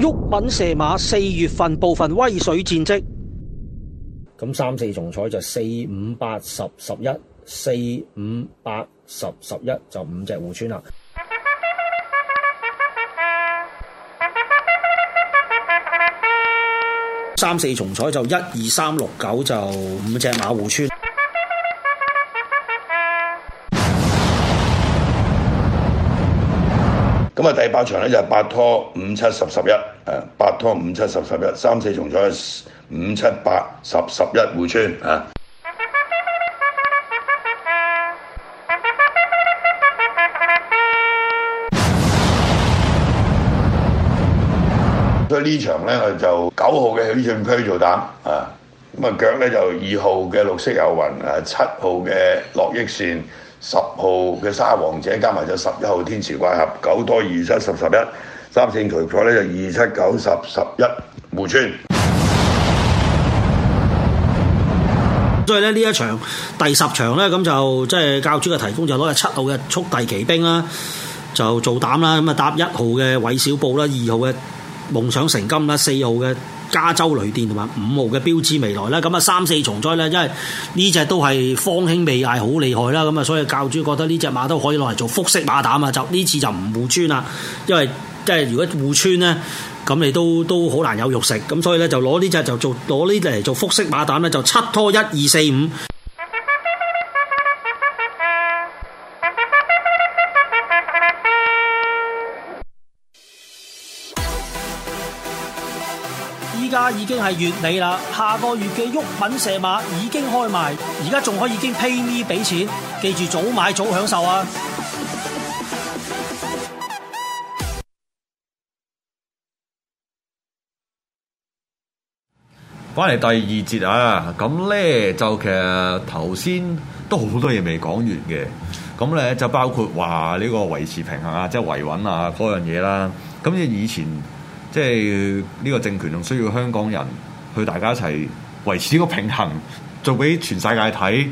玉敏射馬四月份部分威水戰績，咁三四重彩就四五八十十一，四五八十十一就五隻互串啦。三四重彩就一二三六九就五隻馬互串。咁啊，第八場咧就八拖五七十十一，誒八拖五七十十一，三四重彩五七八十十一回穿啊。所以呢場咧，我就九號嘅許進區做膽啊，咁啊腳咧就二號嘅綠色有雲，誒七號嘅樂益線，十號嘅沙皇者加埋咗十一號天池怪俠，九多，二七十十一三線除錯呢就二七九十十一無穿。11, 村所以呢，呢一場第十場呢，咁就即係、就是、教主嘅提供就攞隻七號嘅速遞奇兵啦，就做膽啦，咁啊搭一號嘅韋小布啦，二號嘅夢想成金啦，四號嘅。加州雷電同埋五號嘅標誌未來啦，咁啊三四重災咧，因為呢隻都係方興未艾厲，好厲害啦，咁啊所以教主覺得呢隻馬都可以攞嚟做複式馬膽啊，就呢次就唔互穿啦，因為即係如果互穿咧，咁你都都好難有肉食，咁所以咧就攞呢隻就做攞呢隻嚟做複式馬膽咧，就七拖一二四五。已經係月尾啦，下個月嘅玉品射馬已經開賣，而家仲可以經 pay me 俾錢，記住早買早享受啊！翻嚟第二節啊，咁咧就其實頭先都好多嘢未講完嘅，咁咧就包括話呢個維持平衡啊，即係維穩啊嗰樣嘢啦，咁即以前。即係呢、這個政權仲需要香港人去大家一齊維持呢個平衡，做俾全世界睇，誒、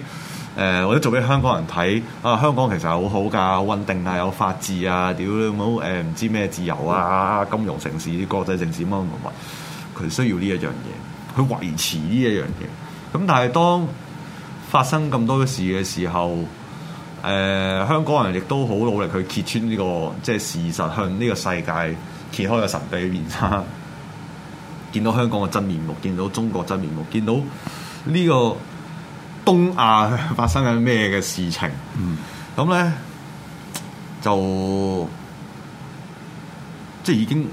呃、或者做俾香港人睇啊！香港其實係好好㗎，穩定啊，有法治啊，屌你冇誒唔知咩自由啊，金融城市、啲國際城市乜乜，乜，佢需要呢一樣嘢，去維持呢一樣嘢。咁但係當發生咁多事嘅時候，誒、呃、香港人亦都好努力去揭穿呢、這個即係事實，向呢個世界。揭開個神秘面紗，見到香港嘅真面目，見到中國真面目，見到呢個東亞發生緊咩嘅事情，咁咧、嗯、就即係已經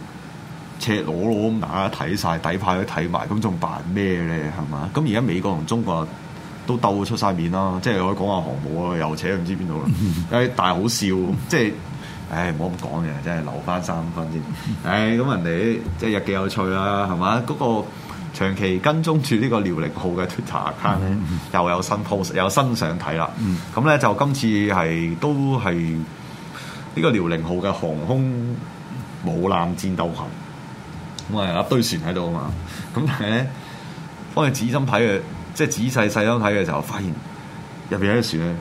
赤裸裸咁，大家睇晒底牌都睇埋，咁仲扮咩咧？係嘛？咁而家美國同中國都鬥出晒面啦，即係可以講下航母啊，又扯唔知邊度啦，誒，嗯、但係好笑，嗯、即係。唉，唔好咁講嘅，真係留翻三分先。唉，咁人哋即係又幾有趣啦，係嘛？嗰、嗰個長期跟蹤住呢個遼寧號嘅 Twitter account 咧、mm，hmm. 又有新 post，又有新相睇啦。咁咧、mm hmm. 就今次係都係呢個遼寧號嘅航空母艦戰鬥群，咁啊一堆船喺度啊嘛。咁但係咧，幫你仔細睇嘅，即係仔細細心睇嘅時候，發現入邊有啲船咧。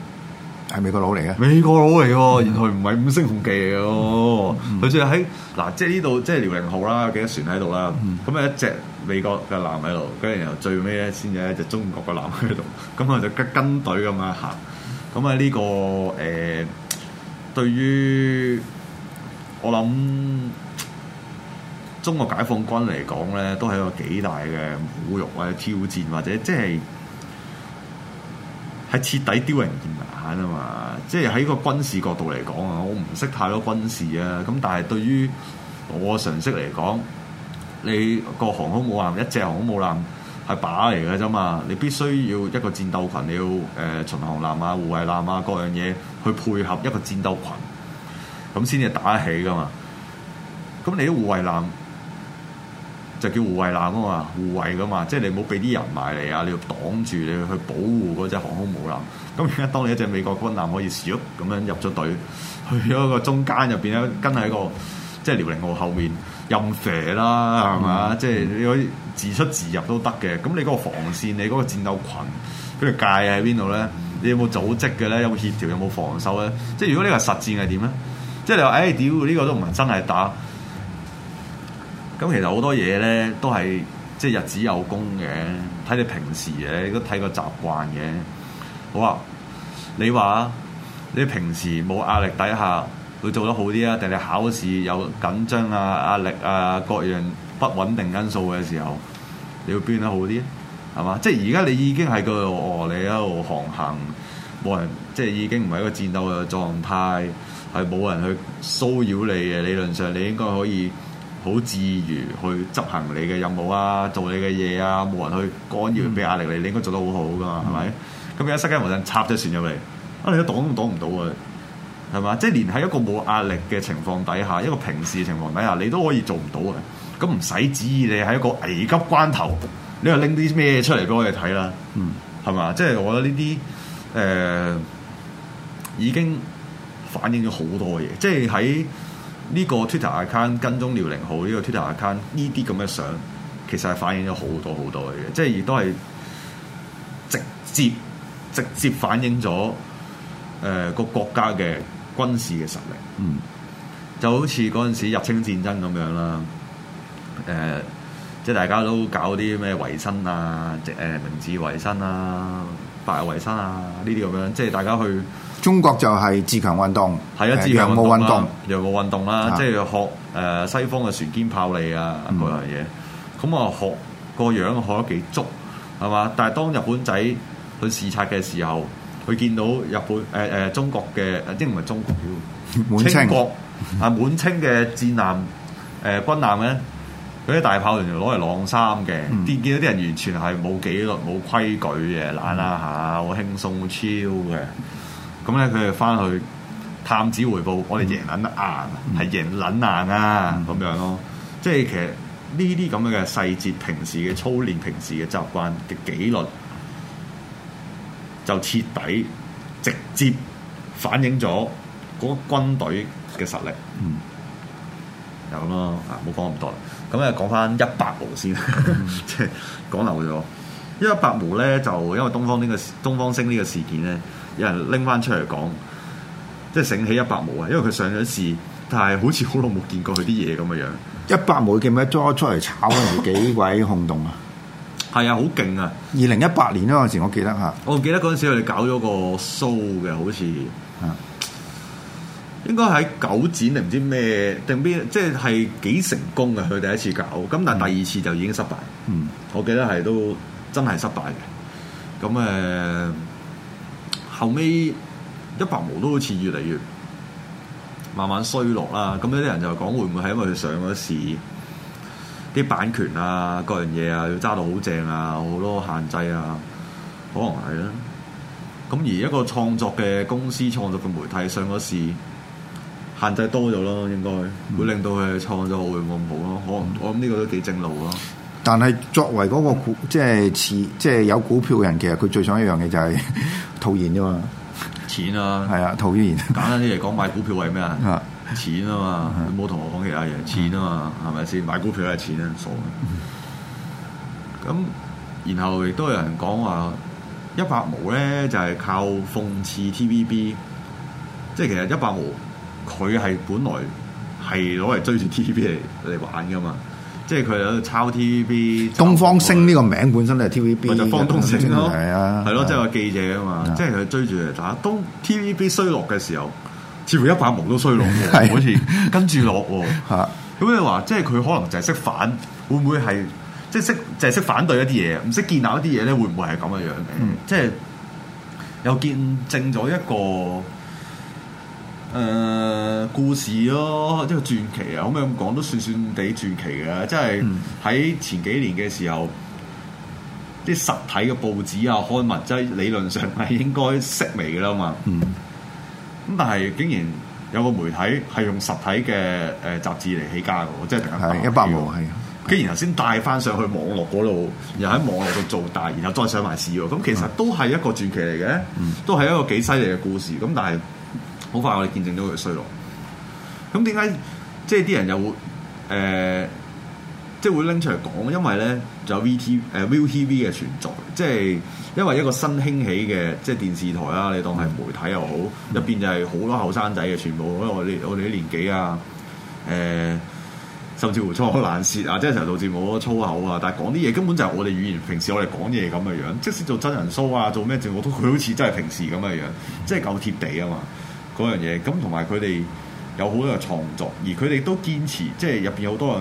係美國佬嚟嘅，美國佬嚟喎，嗯、原來唔係五星紅旗嚟嘅，佢仲喺嗱，即係呢度，即係遼寧號啦，幾多船喺度啦，咁啊、嗯、一隻美國嘅艦喺度，跟住然後最尾咧先至一隻中國嘅艦喺度，咁啊就跟跟隊咁樣行，咁啊呢個誒、呃、對於我諗中國解放軍嚟講咧，都係一個幾大嘅侮辱或者挑戰，或者即係。係徹底丟人現眼啊嘛！即係喺個軍事角度嚟講啊，我唔識太多軍事啊。咁但係對於我常識嚟講，你個航空母艦一隻航空母艦係靶嚟嘅啫嘛，你必須要一個戰鬥群，你要誒、呃、巡航艦啊、護衛艦啊各樣嘢去配合一個戰鬥群，咁先至打得起㗎嘛。咁你啲護衛艦，就叫護衛艦噶嘛，護衛噶嘛，即係你冇俾啲人埋嚟啊！你要擋住，你要去保護嗰隻航空母艦。咁而家當你一隻美國軍艦可以遲咗咁樣入咗隊，去咗個中間面，入邊咧跟喺一個即係遼寧號後面任射啦，係嘛吧？嗯、即係你可以自出自入都得嘅。咁你嗰個防線，你嗰個戰鬥羣嗰、嗰個界喺邊度咧？你有冇組織嘅咧？有冇協調？有冇防守咧？即係如果你話實戰係點咧？即係你話唉屌呢個都唔係真係打。咁其實好多嘢咧，都係即係日子有功嘅，睇你平時嘅你都睇個習慣嘅。好啊，你話你平時冇壓力底下會做得好啲啊？定係考試有緊張啊、壓力啊、各樣不穩定因素嘅時候，你會變得好啲係嘛？即係而家你已經喺個哦，你喺度航行，冇人即係已經唔係一個戰鬥嘅狀態，係冇人去騷擾你嘅理論上，你應該可以。好自如去執行你嘅任務啊，做你嘅嘢啊，冇人去干擾、俾壓力你，嗯、你應該做得好好噶嘛，係咪、嗯？咁而家塞雞毛信插咗船入嚟，啊，你都擋都擋唔到啊，係嘛？即係連喺一個冇壓力嘅情況底下，一個平時嘅情況底下，你都可以做唔到啊。咁唔使旨意你喺一個危急關頭，你又拎啲咩出嚟俾我哋睇啦？係嘛、嗯？即係我覺得呢啲誒已經反映咗好多嘢，即係喺。呢個 Twitter account 跟蹤遼寧號呢、這個 Twitter account 呢啲咁嘅相，其實係反映咗好多好多嘅嘢，即係亦都係直接直接反映咗誒、呃、個國家嘅軍事嘅實力。嗯，就好似嗰陣時入清戰爭咁樣啦，誒、呃，即係大家都搞啲咩維新啊，誒、呃、明治維新啊、百日維新啊呢啲咁樣，即係大家去。中國就係自強運動，係啊，自強運動啦，洋務、呃、運動啦，啊、即係學誒、呃、西方嘅船堅炮利啊，咁樣嘢。咁我學個樣學得幾足係嘛？但係當日本仔去視察嘅時候，佢見到日本誒誒、呃呃、中國嘅應唔係中國，滿清國、嗯、啊，滿清嘅戰艦誒、呃、軍艦咧，嗰啲大炮原來攞嚟晾衫嘅。啲、嗯、見到啲人完全係冇紀律、冇規矩嘅，懶啊嚇，好輕鬆超嘅。咁咧佢哋翻去探子回報，嗯、我哋贏捻得硬，係、嗯、贏捻硬啊咁、嗯、樣咯。即係其實呢啲咁樣嘅細節，平時嘅操練、平時嘅習慣嘅紀律，就徹底直接反映咗嗰個軍隊嘅實力。嗯、就咁咯。啊，冇講咁多啦。咁咧講翻一百毛先，即係、嗯、 講漏咗。因為一百毛咧，就因為東方呢、呢個東方星呢個事件咧。有人拎翻出嚟講，即係醒起一百毛啊！因為佢上咗市，但係好似好耐冇見過佢啲嘢咁嘅樣。一百毛叫咩？抓出嚟炒，還是幾鬼轟動啊？係 啊，好勁啊！二零一八年嗰陣時，我記得嚇。我記得嗰陣時佢哋搞咗個 show 嘅，好似啊，應該喺九展定唔知咩定邊？即係幾成功嘅佢第一次搞。咁但係第二次就已經失敗。嗯，我記得係都真係失敗嘅。咁誒？呃後尾一百毛都好似越嚟越慢慢衰落啦，咁有啲人就講會唔會係因為佢上咗市，啲版權啊各樣嘢啊要揸到好正啊，好多限制啊，可能係啦。咁而一個創作嘅公司，創作嘅媒體上咗市，限制多咗咯，應該會令到佢嘅創作會冇咁好咯。我我諗呢個都幾正路咯，啊。但係作為嗰個股，即係持，即係有股票嘅人，其實佢最想一樣嘢就係套現啫嘛、啊，錢啊，係啊，套現簡單啲嚟講，買股票為咩啊？錢啊嘛，你冇同我講其他嘢，錢啊嘛，係咪先買股票都係錢啊，傻嘅。咁 然後亦都有人講話一百毛咧，就係、是、靠諷刺 TVB，即係其實一百毛，佢係本來係攞嚟追住 TVB 嚟嚟玩㗎嘛。即係佢喺度抄 TVB，東方星呢個名本身都係 TVB，咪就係方東星咯，係啊，係咯，即係個記者啊嘛，即係佢追住嚟打。當 TVB 衰落嘅時候，似乎一塊毛都衰落嘅，是啊、 好似跟住落喎。咁你話，即係佢可能就係識反，會唔會係即係識就係、是、識反對一啲嘢，唔識建立一啲嘢咧？會唔會係咁嘅樣嘅？即係又見證咗一個。誒、呃、故事咯，即係傳奇啊！咁樣講都算算地傳奇嘅，即係喺前幾年嘅時候，啲實體嘅報紙啊、刊物，即係理論上係應該式微嘅啦嘛。咁、嗯、但係竟然有個媒體係用實體嘅誒雜誌嚟起家嘅，即係一百萬，一百萬係。竟然頭先帶翻上去網絡嗰度，的又喺網絡度做大，然後再上埋市喎。咁其實都係一個傳奇嚟嘅，嗯、都係一個幾犀利嘅故事。咁但係。好快我哋見證到佢衰落。咁點解即係啲人又誒、呃，即係會拎出嚟講？因為咧有 VTV、呃、VTV 嘅存在，即係因為一個新興起嘅即係電視台啦。你當係媒體又好，入邊就係好多後生仔嘅全部。我哋我哋啲年紀啊，誒、呃，甚至乎粗口爛舌啊，即係成日做節目粗口啊。但係講啲嘢根本就係我哋語言，平時我哋講嘢咁嘅樣。即使做真人 show 啊，做咩節目都佢好似真係平時咁嘅樣，即係夠貼地啊嘛。嗰樣嘢咁，同埋佢哋有好多嘅創作，而佢哋都堅持，即係入邊有好多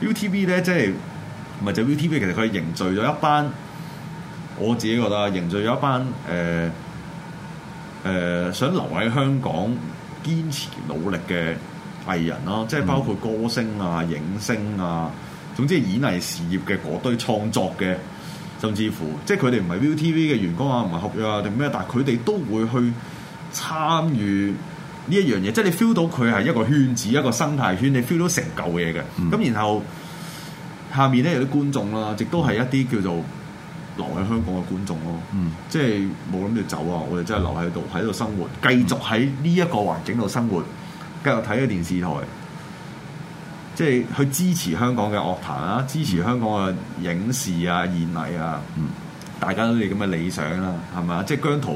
人 ViuTV 咧，即係唔係就 ViuTV？TV，其實佢係凝聚咗一班我自己覺得凝聚咗一班誒誒、呃呃、想留喺香港堅持努力嘅藝人啦，即係包括歌星啊、影星啊，總之演藝事業嘅嗰堆創作嘅，甚至乎即係佢哋唔係 ViuTV 嘅員工啊，唔係合約啊定咩，但係佢哋都會去。參與呢一樣嘢，即係你 feel 到佢係一個圈子，一個生態圈，你 feel 到成嚿嘢嘅。咁、嗯、然後下面咧有啲觀眾啦，亦都係一啲叫做留喺香港嘅觀眾咯。嗯、即係冇諗住走啊！我哋真係留喺度，喺度、嗯、生活，繼續喺呢一個環境度生活，繼續睇下電視台，即係去支持香港嘅樂壇啊，支持香港嘅影視啊、演藝啊。嗯大家都哋咁嘅理想啦，係咪啊？即係姜濤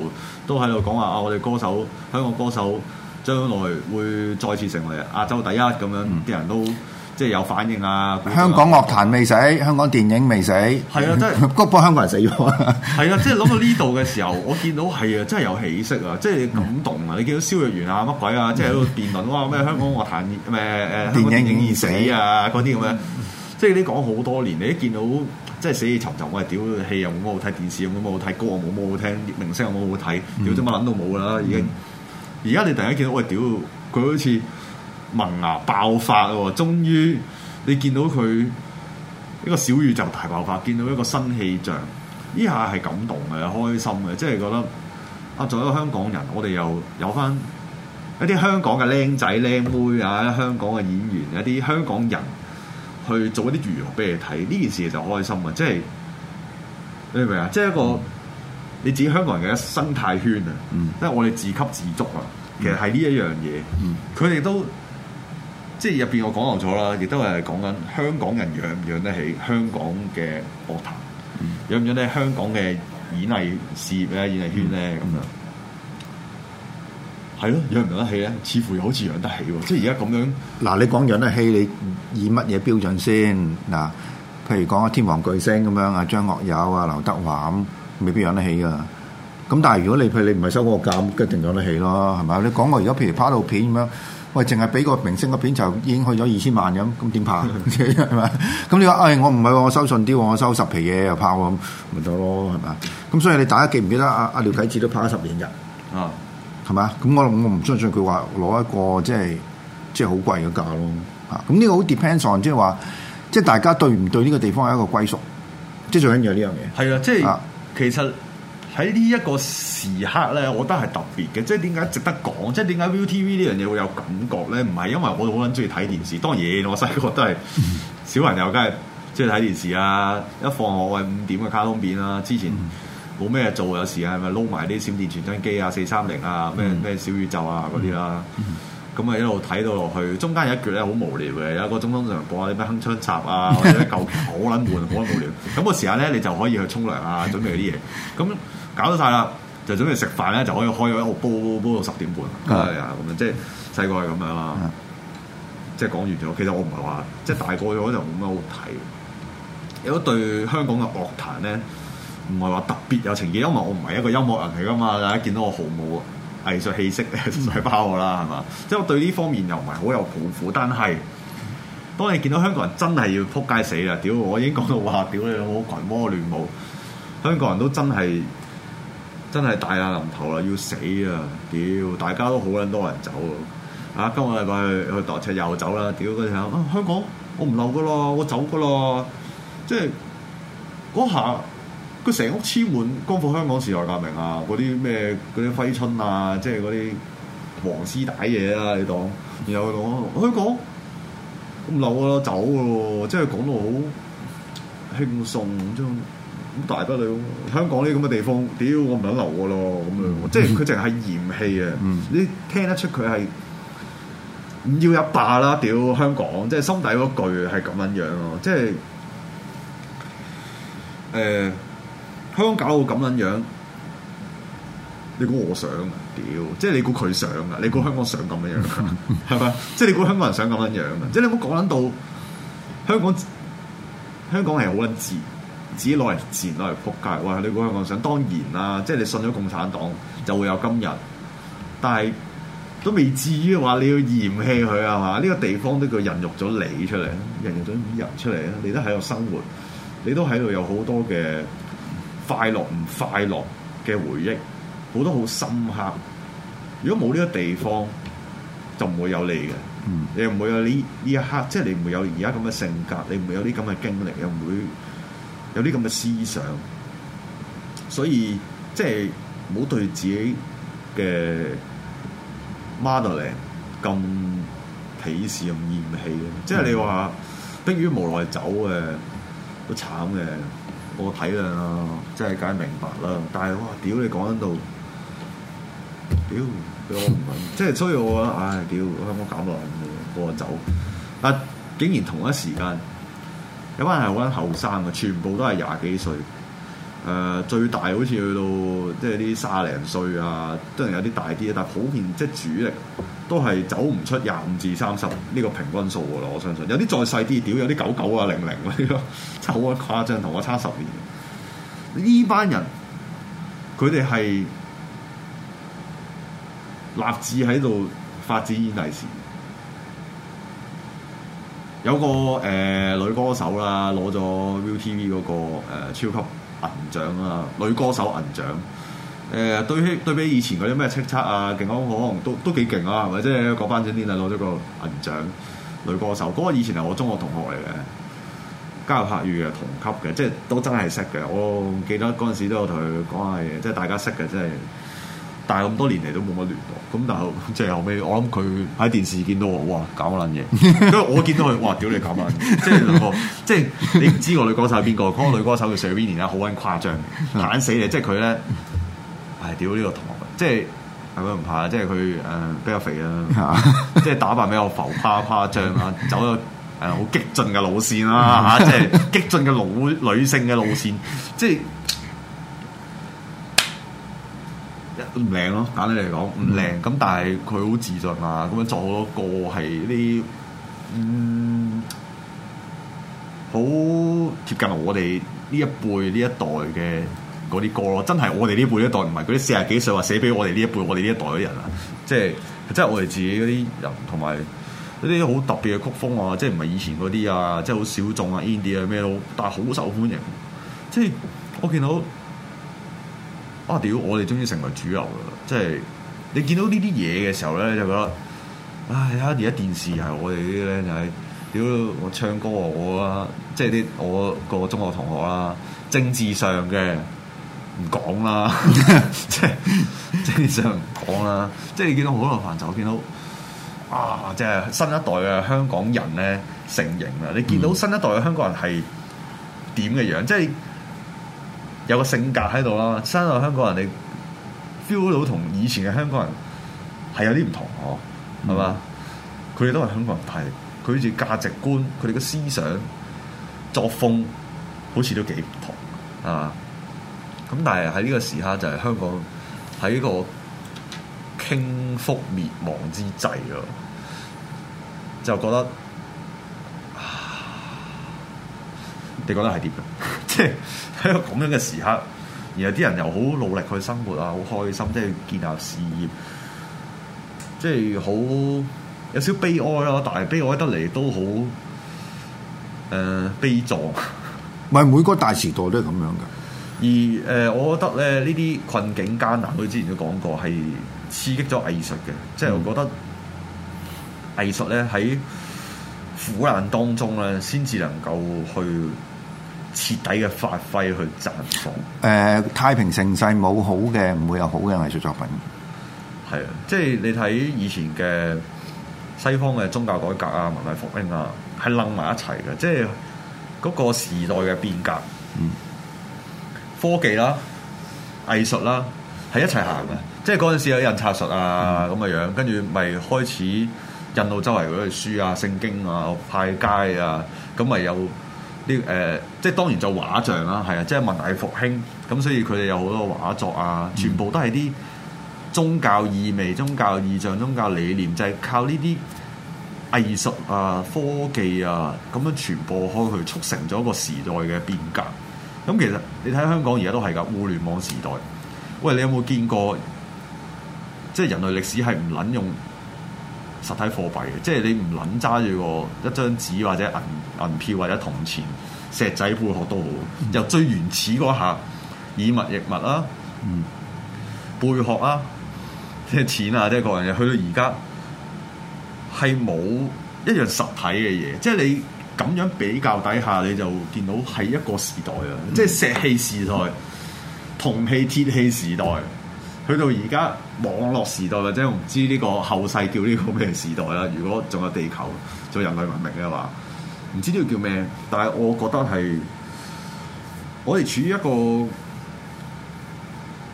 都喺度講話啊！我哋歌手，香港歌手，將來會再次成為亞洲第一咁樣，啲人都即係有反應啊！香港樂壇未死，香港電影未死，係啊！即係嗰波香港人死咗啊！係啊！即係諗到呢度嘅時候，我見到係啊，真係有起色啊！即係你感動啊！你見到蕭若元啊，乜鬼啊？即係喺度辯論，哇！咩香港樂壇咩誒電影已死啊？嗰啲咁樣，即係你講好多年，你一見到。即係死氣沉沉，我係屌，戲又冇乜好睇，電視又冇乜好睇，歌又冇乜好聽，明星又冇好睇，屌做乜撚都冇啦，已經。而家你突然間見到我，喂屌，佢好似萌芽爆發咯，終於你見到佢一個小宇宙大爆發，見到一個新氣象，呢下係感動嘅，開心嘅，即係覺得啊，作為一個香港人，我哋又有翻一啲香港嘅靚仔靚妹啊，香港嘅演員，一啲香港人。去做一啲娛樂俾你睇，呢件事就好開心啊！即係你明唔明啊？即係一個、嗯、你自己香港人嘅生態圈啊，即係、嗯、我哋自給自足啊。其實係呢一樣嘢，佢哋、嗯、都即係入邊我講錯咗啦，亦都係講緊香港人養唔養得起香港嘅樂壇，養唔養得起香港嘅演藝事業咧、演藝圈咧咁樣。係咯，養唔養得起啊，似乎又好似養得起喎。即係而家咁樣，嗱，你講養得起，你，得你以乜嘢標準先？嗱，譬如講下天王巨星咁樣啊，張學友啊，劉德華咁，未必養得起噶。咁但係如果你譬如你唔係收個價一定養得起咯，係咪？你講我而家譬如拍套片咁樣，喂，淨係俾個明星個片就已經去咗二千萬咁，咁點拍？係咪？ 咁你話，哎，我唔係喎，我收順啲喎，我收十皮嘢又拍喎，咁咪得咯，係咪？咁所以你大家記唔記得啊？阿廖啟智都拍咗十年日啊。係嘛？咁我我唔相信佢話攞一個即係即係，好貴嘅價咯嚇。咁、啊、呢個好 depends on，即係話即係大家對唔對呢個地方係一個歸屬，即係最緊要呢樣嘢。係啊，即係其實喺呢一個時刻咧，我覺得係特別嘅。即係點解值得講？即係點解 ViuTV 呢樣嘢會有感覺咧？唔係因為我好撚中意睇電視。當然，我細個都係小朋友，梗係即係睇電視啊！一放學我係五點嘅卡通片啦、啊，之前、嗯。冇咩做，有時間咪撈埋啲閃電傳真機啊、四三零啊、咩咩小宇宙啊嗰啲啦，咁啊、嗯、一路睇到落去，中間有一段咧好無聊嘅，有一個中東常播下啲咩鏗鏘集啊，或者舊劇好撚悶，好撚無聊。咁 個時候咧，你就可以去沖涼啊，準備啲嘢。咁搞到晒啦，就準備食飯咧，就可以開一個煲煲到十點半、嗯、啊，咁、啊即係、樣即係細個係咁樣咯。即係、嗯、講完咗，其實我唔係話即係大個咗就冇乜好睇，有一對香港嘅樂壇咧。唔係話特別有情意，因為我唔係一個音樂人嚟噶嘛。大家見到我毫冇藝術氣息唔使 包我啦，係嘛？即係我對呢方面又唔係好有抱負，但係當你見到香港人真係要撲街死啊！屌，我已經講到話，屌你老母，群魔亂舞，香港人都真係真係大難臨頭啦，要死啊！屌，大家都好撚多人走啊！今個禮拜去去搭車又走啦！屌嗰啲人啊，香港我唔留㗎咯，我走㗎咯，即係嗰下。佢成屋黐滿光復香港時代革命啊！嗰啲咩嗰啲揮春啊，即係嗰啲黃絲帶嘢啊！你講，然後佢講：香港，咁流個咯，走個、啊、喎！即係講到好輕鬆咁大不了、啊。香港呢啲咁嘅地方，屌我唔想留個咯咁樣。即係佢淨係嫌棄啊！嗯、你聽得出佢係唔要一霸啦、啊！屌香港，即係心底嗰句係咁樣樣咯。即係誒。呃香港搞到咁撚樣，你估我想啊？屌，即係你估佢想啊？你估香港想咁樣樣，係咪？ 即係你估香港人想咁撚樣啊？即係你唔好講撚到香港，香港係好撚賤，自己攞嚟賤，攞嚟撲街。哇！你估香港想當然啦，即係你信咗共產黨就會有今日，但係都未至於話你要嫌棄佢係嘛？呢、呢個地方都叫孕育咗你出嚟，孕育咗人出嚟啊！你都喺度生活，你都喺度有好多嘅。快樂唔快樂嘅回憶，好多好深刻。如果冇呢個地方，就唔會、嗯、會有你嘅，你又唔會有呢呢一刻，即、就、係、是、你唔會有而家咁嘅性格，你唔會有啲咁嘅經歷，又唔會有啲咁嘅思想。所以即係唔好對自己嘅 motherland 咁鄙視、咁嫌棄嘅。即、就、係、是、你話、嗯、迫於無奈走嘅，好慘嘅。我睇啦，即係梗係明白啦。但係哇，屌你講緊度，屌，我唔諗，即係所以我話！唉，屌，香港搞落嚟，我，我走。啊，竟然同一時間，有班人係好後生嘅，全部都係廿幾歲。誒、呃、最大好似去到即係啲卅零歲啊，都係有啲大啲啊，但係普遍即係主力都係走唔出廿五至三十呢個平均數噶啦，我相信有啲再細啲，屌有啲九九啊零零呢個真係好誇張，同我差十年。呢班人佢哋係立志喺度發展演藝事業。有個誒、呃、女歌手啦，攞咗 ViuTV 嗰、那個超級。呃銀獎啊，女歌手銀獎。誒、呃，對比對,對比以前嗰啲咩叱咤啊，勁歌王都都幾勁啊，或者講翻正啲啊，攞咗個銀獎女歌手。嗰、那個以前係我中學同學嚟嘅，加入客宇嘅同級嘅，即係都真係識嘅。我記得嗰陣時都有同佢講下嘢，即係大家識嘅，即係。但係咁多年嚟都冇乜聯絡，咁但係即係後尾我諗佢喺電視見到我，哇搞撚嘢！因為 我見到佢，哇屌你搞撚嘢！即係兩個，即係你唔知個女歌手係邊個？嗰個女歌手叫 Shirley，好撚誇張嘅，死你！即係佢咧，唉屌呢個同學，即係係咯唔怕，即係佢誒比較肥啦，即係打扮比較浮誇、誇張啦，走咗誒好激進嘅路線啦嚇，即係激進嘅老女性嘅路線，即係。都唔靚咯，簡單嚟講唔靚。咁、嗯、但係佢好自信啊，咁樣作好多歌，係啲嗯好貼近我哋呢一輩呢一代嘅嗰啲歌咯。真係我哋呢一輩呢一代唔係嗰啲四十幾歲話寫俾我哋呢一輩我哋呢一代嘅人啊，即係真係我哋自己嗰啲人同埋嗰啲好特別嘅曲風啊，即係唔係以前嗰啲啊，即係好小眾啊，indie 啊咩咯，但係好受歡迎。即係我見到。哇、啊！屌，我哋終於成為主流啦！即係你見到呢啲嘢嘅時候咧，你就覺得唉呀！而家電視係我哋啲咧，就係、是、屌我唱歌我啦，即係啲我個,個中學同學啦，政治上嘅唔講啦， 即係政治上唔講啦， 即係你見到好多嘅就我見到啊，即係新一代嘅香港人咧成型啦！你見到新一代嘅香港人係點嘅樣,樣？即係。有個性格喺度啦，生在香港人你 feel 到同以前嘅香港人係有啲唔同，哦，係嘛？佢哋都係香港人，但係佢好似價值觀、佢哋嘅思想、作風，好似都幾唔同啊！咁但係喺呢個時刻就係香港喺呢個傾覆滅亡之際咯，就覺得你覺得係點？即係喺個咁樣嘅時刻，然後有啲人又好努力去生活啊，好開心，即係建立事業，即係好有少少悲哀咯。但係悲哀得嚟都好誒、呃、悲壯。唔係每個大時代都係咁樣噶？ 而誒、呃，我覺得咧呢啲困境艱難，我之前都講過係刺激咗藝術嘅。即係我覺得、嗯、藝術咧喺苦難當中咧，先至能夠去。徹底嘅發揮去綻放。誒、呃、太平盛世冇好嘅，唔會有好嘅藝術作品。係啊，即係你睇以前嘅西方嘅宗教改革啊、文藝復興啊，係冧埋一齊嘅。即係嗰個時代嘅變革，嗯、科技啦、藝術啦，係一齊行嘅。即係嗰陣時有印刷術啊咁嘅、嗯、樣,樣，跟住咪開始印到周圍嗰啲書啊、聖經啊、派街啊，咁咪有。呢誒、這個呃，即係當然就畫像啦，係啊，即係文藝復興，咁所以佢哋有好多畫作啊，全部都係啲宗教意味、宗教意象、宗教理念，就係、是、靠呢啲藝術啊、科技啊，咁樣傳播開去，促成咗一個時代嘅變革。咁其實你睇香港而家都係噶互聯網時代，喂，你有冇見過？即係人類歷史係唔撚用。實體貨幣嘅，即係你唔撚揸住個一張紙或者銀銀票或者銅錢、石仔、貝殼都好，嗯、由最原始嗰下以物易物啊，嗯、貝殼啊，即係錢啊，即係各樣嘢，去到而家係冇一樣實體嘅嘢，即係你咁樣比較底下，你就見到係一個時代啊，嗯、即係石器時代、銅器、鐵器時代。去到而家網絡時代，或者我唔知呢個後世叫呢個咩時代啦。如果仲有地球仲有人類文明嘅話，唔知呢個叫咩？但係我覺得係我哋處於一個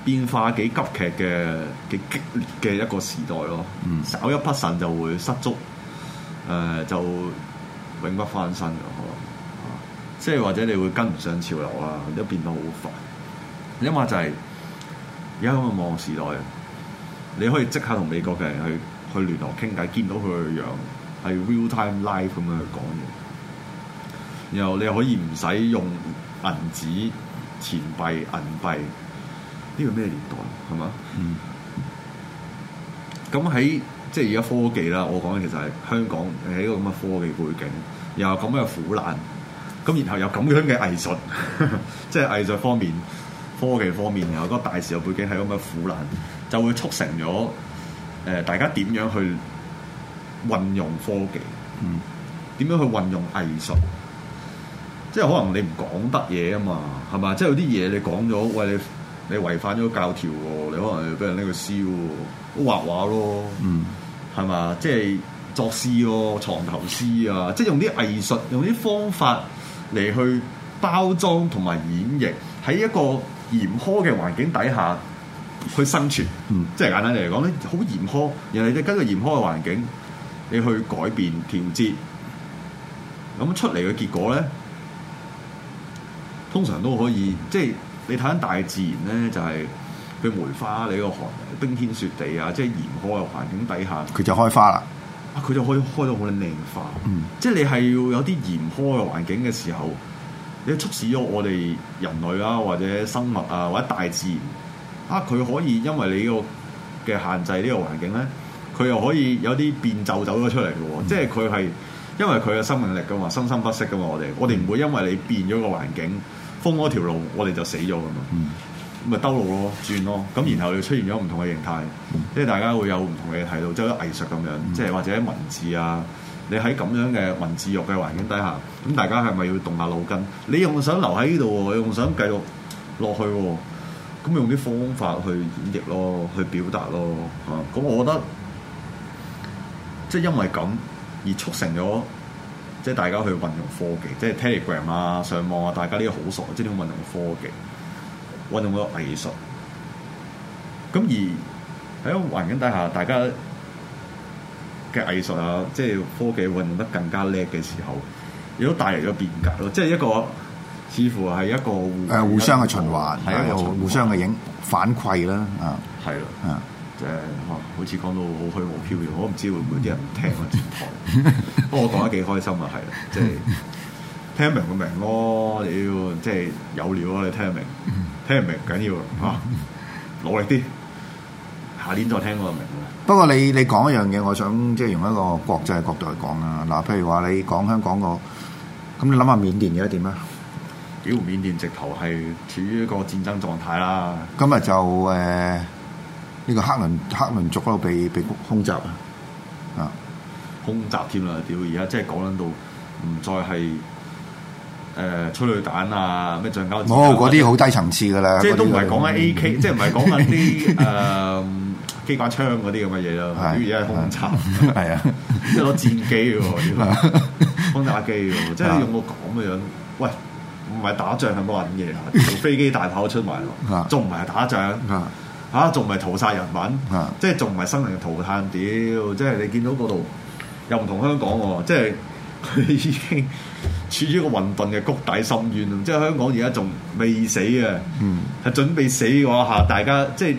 變化幾急劇嘅，幾激烈嘅一個時代咯。嗯、稍一不慎就會失足，誒、呃、就永不翻身嘅可能。即係或者你會跟唔上潮流啊，都變到好快。因為就係，是。而家咁嘅網時代啊，你可以即刻同美國嘅人去去聯絡傾偈，見到佢嘅樣係 real time live 咁樣去講嘢，然後你可以唔使用，用銀紙、錢幣、銀幣，呢個咩年代係嘛？咁喺、嗯、即係而家科技啦，我講其實係香港喺一個咁嘅科技背景，然後咁嘅苦難，咁然後有咁樣嘅藝術，即 係藝術方面。科技方面，然後嗰個大時代背景係咁嘅苦難，就會促成咗誒、呃、大家點樣去運用科技，嗯，點樣去運用藝術，即係可能你唔講得嘢啊嘛，係嘛？即係有啲嘢你講咗，喂，你你違反咗教條喎，你可能要俾人拎去燒。畫畫咯，嗯，係嘛？即係作詩咯、哦，藏頭詩啊，即係用啲藝術，用啲方法嚟去包裝同埋演繹。喺一個嚴苛嘅環境底下，去生存，嗯、即係簡單嚟講咧，好嚴苛。人哋喺跟住嚴苛嘅環境，你去改變、調節，咁出嚟嘅結果咧，通常都可以。嗯、即係你睇緊大自然咧，就係、是、佢梅花，你個寒、冰天雪地啊，即係嚴苛嘅環境底下，佢就開花啦。啊，佢就可以開到好靚花。嗯、即係你係要有啲嚴苛嘅環境嘅時候。你促使咗我哋人類啊，或者生物啊，或者大自然啊，佢可以因為你個嘅限制、這個、環呢個環境咧，佢又可以有啲變奏走咗出嚟嘅喎。嗯、即係佢係因為佢嘅生命力嘅、啊、嘛，生生不息嘅、啊、嘛。我哋我哋唔會因為你變咗個環境封嗰條路，我哋就死咗嘅嘛。咁咪、嗯、兜路咯，轉咯。咁然後又出現咗唔同嘅形態，即係大家會有唔同嘅嘢睇到，即係藝術咁樣，即係、嗯、或者文字啊。你喺咁樣嘅文字獄嘅環境底下，咁大家係咪要動下腦筋？你又想留喺呢度喎，又想繼續落去喎，咁用啲方法去演繹咯，去表達咯，嚇！咁我覺得即係、就是、因為咁而促成咗，即、就、係、是、大家去運用科技，即、就、係、是、Telegram 啊、上網啊，大家呢啲好傻，即係點運用科技、運用個藝術。咁而喺個環境底下，大家嘅藝術啊，即係科技運用得更加叻嘅時候，亦都帶嚟咗變革咯。即係一個似乎係一個互互相嘅循環，係啊互相嘅影反饋啦啊。係咯啊，誒的、嗯，好似講到好虛無縹緲，我唔知會唔會啲人唔聽我啲台。 不過我講得幾開心啊，係啊，即係聽明個明咯，你要即係有料啊，你聽得明，聽唔明唔緊要啊，努力啲。下年再聽過就明啦。不過你你講一樣嘢，我想即係用一個國際嘅角度嚟講啦。嗱，譬如話你講香港個，咁你諗下緬甸而家點啊？屌，緬甸直頭係處於一個戰爭狀態啦。今日就誒呢、呃這個黑人黑人族嗰度被被空襲，空襲啊！啊，空襲添啦！屌，而家即係講緊到唔再係誒催淚彈啊咩橡膠？冇，嗰啲好低層次㗎啦。即係是都唔係講緊 A K，即係唔係講緊啲誒。呃 機關槍嗰啲咁嘅嘢咯，啲嘢係轟炸，係啊，即係攞戰機嘅，轟炸機嘅，即係用個咁嘅樣，喂，唔係打仗係乜嘢啊？用飛機大炮出埋仲唔係打仗？嚇，仲唔係屠殺人民？即係仲唔係生靈塗炭？屌，即係你見到嗰度又唔同香港喎，即係佢已經處於一個混沌嘅谷底深淵。即係香港而家仲未死嘅，係準備死喎吓，大家即係。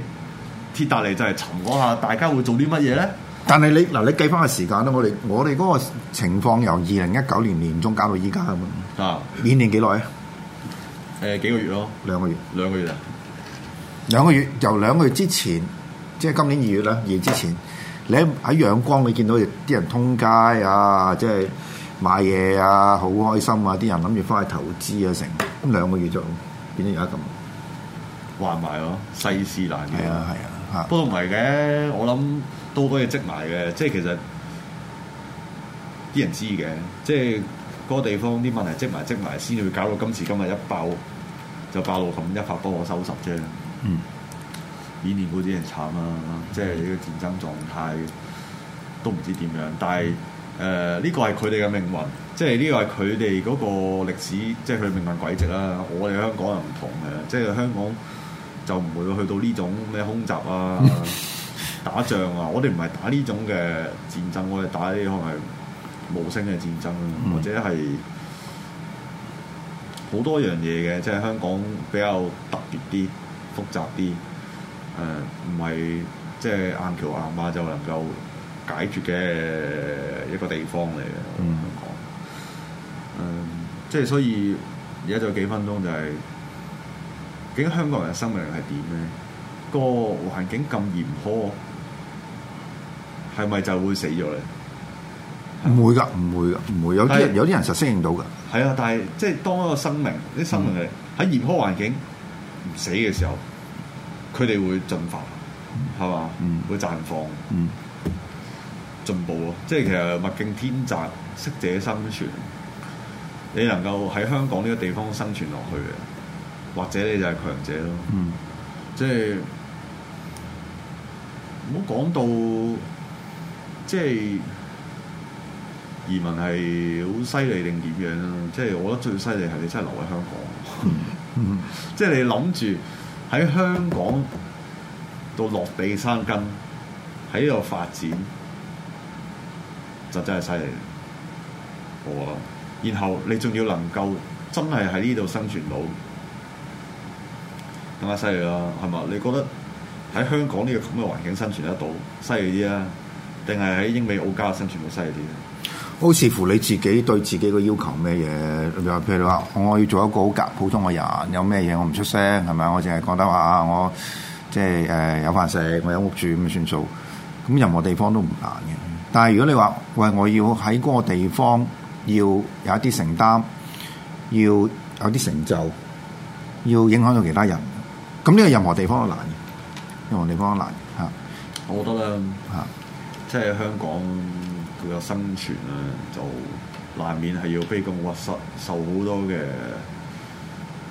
鐵達尼就係沉下，大家會做啲乜嘢咧？但係你嗱，你計翻個時間啦，我哋我哋嗰個情況由二零一九年年中搞到依家咁啊，年年幾耐啊？誒、呃、幾個月咯，兩個月，兩個月啊，兩個月由兩個月之前，即係今年二月啦，二月之前，你喺陽光你見到啲人通街啊，即係買嘢啊，好開心啊，啲人諗住翻去投資啊成，咁兩個月就變到而家咁，還埋咯，世事難料。係啊，係啊。不過唔係嘅，我諗都多嘢積埋嘅，即係其實啲人知嘅，即係嗰個地方啲問題積埋積埋，先會搞到今時今日一爆就爆到咁，一發不可收拾啫。嗯，以前嗰啲人慘啊，嗯、即係呢個戰爭狀態都唔知點樣，但係誒呢個係佢哋嘅命運，即係呢個係佢哋嗰個歷史，即係佢哋命運軌跡啦。我哋香港人唔同嘅，即係香港就唔會去到呢種咩空襲啊，啊、打仗啊，我哋唔係打呢種嘅戰爭，我哋打啲可能係無聲嘅戰爭，或者係好多樣嘢嘅，即係香港比較特別啲，複雜啲，誒唔係即係硬橋硬馬就能夠解決嘅一個地方嚟嘅，香港，嗯呃、即係所以而家仲有幾分鐘就係，是。究竟香港人嘅生命力係點咧？這個環境咁嚴苛，係咪就會死咗咧？唔會噶，唔會噶，唔會有啲人是有啲人實適應到噶。係啊，但係即係當一個生命，啲生命喺嚴苛環境唔死嘅時候，佢哋、嗯、會進化，係嘛？嗯、會綻放，進、嗯、步咯。即係其實物競天擇，適者生存。你能夠喺香港呢個地方生存落去嘅。或者你就係強者咯，即係唔好講到，即、就、係、是、移民係好犀利定點樣啦？即、就、係、是、我覺得最犀利係你真係留喺香港，即係、嗯、 你諗住喺香港到落地生根喺呢度發展，就真係犀利。我啊，然後你仲要能夠真係喺呢度生存到。更加犀利咯，係嘛？你覺得喺香港呢個咁嘅環境生存得到犀利啲啊？定係喺英美澳加啊生存得到犀利啲咧？好視乎你自己對自己嘅要求咩嘢？譬如話，我要做一個好夾普通嘅人，有咩嘢我唔出聲係咪，我淨係覺得話我即係誒有飯食，我有屋住咁啊算數。咁任何地方都唔難嘅。但係如果你話喂，我要喺嗰個地方要有一啲承擔，要有啲成就，要影響到其他人。咁呢個任何地方都難的任何地方都難嚇，我覺得咧嚇，的即係香港佢嘅生存啊，就難免係要卑躬屈膝受好多嘅誒、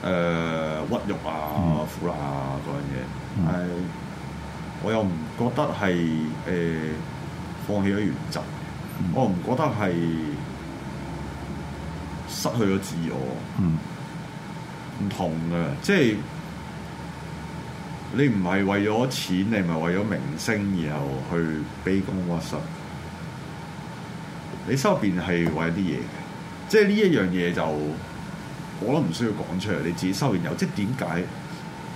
呃、屈辱啊、苦難、嗯、啊嗰樣嘢。係、嗯，我又唔覺得係誒、呃、放棄咗原則，嗯、我唔覺得係失去咗自我。唔、嗯、同嘅，即係。你唔係為咗錢，你唔係為咗明星，然後去卑躬屈膝。你收入邊係為咗啲嘢嘅，即係呢一樣嘢就，我覺得唔需要講出嚟。你自己收完又，即係點解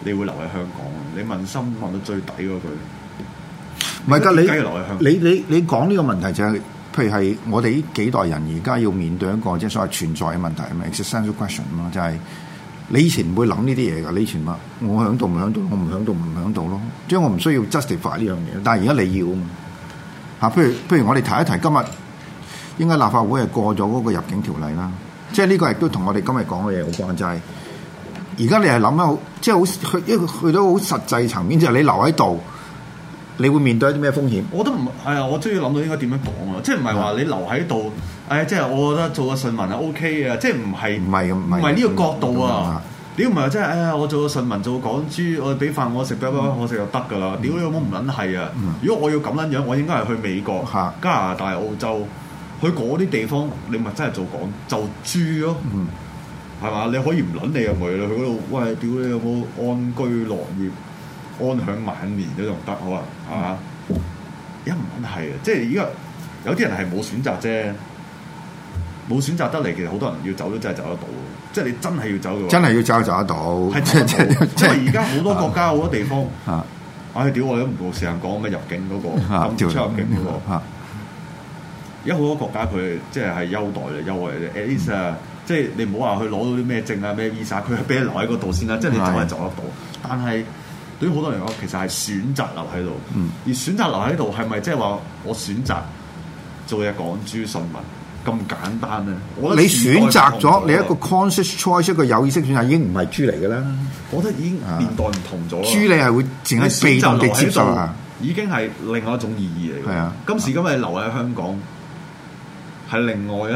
你會留喺香港？你問心問到最底嗰句，唔係㗎，你留喺香港，你你你你講呢個問題就係、是，譬如係我哋呢幾代人而家要面對一個即係所謂存在嘅問題啊嘛，existential question 嘛，就係、是。就是你以前唔會諗呢啲嘢噶，你以前話我響度唔響度，我唔響度唔響度咯，即係我唔需要 justify 呢樣嘢。但係而家你要啊嘛，嚇！譬如譬如我哋提一提今日，應該立法會係過咗嗰個入境條例啦。即係呢個亦都同我哋今日講嘅嘢好有關，就係而家你係諗得好，即係好去一去到好實際層面，之後，你留喺度。你會面對一啲咩風險？我都唔係啊！我終於諗到應該點樣講啊！即係唔係話你留喺度？誒、哎，即、就、係、是、我覺得做個順民係 OK 啊。即係唔係唔係呢個角度啊？啊啊你唔係即係誒！我做個順民做港豬，我俾飯我食，俾我食就得㗎啦！屌、嗯、你有冇唔撚係啊？嗯、如果我要咁撚樣，我應該係去美國、加拿大、澳洲，去嗰啲地方，你咪真係做港就豬咯、啊，係嘛、嗯？你可以唔撚你入去係啦，去嗰度喂！屌你有冇安居樂業？安享晚年都仲得，好啊嚇！一唔係啊，即係依家有啲人係冇選擇啫，冇選擇得嚟，其實好多人要走都真係走得到。即係你真係要走，真係要走走得到。係係係，因為而家好多國家好多地方啊，唉屌！我都唔冇成日講咩入境嗰個，咁出入境嗰個。因為好多國家佢即係係優待嚟、優惠嚟。Elisa，即係你唔好話佢攞到啲咩證啊、咩 visa，佢俾你留喺嗰度先啦。即係你走係走得到，但係。對於好多人嚟講，其實係選擇留喺度，嗯、而選擇留喺度係咪即係話我選擇做嘢港豬順民咁簡單呢？我覺得選擇你選擇咗你一個 conscious choice 一個有意識選擇，已經唔係豬嚟噶啦。我覺得已經年代唔同咗。豬你係會淨係被就留喺度，已經係另外一種意義嚟。係啊，嗯、今時今日留喺香港係另外一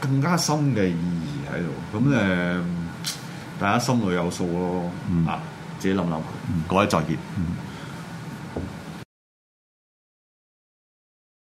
更加深嘅意義喺度。咁誒，大家心裏有數咯。啊、嗯！自己諗諗，嗯，各位再見。嗯。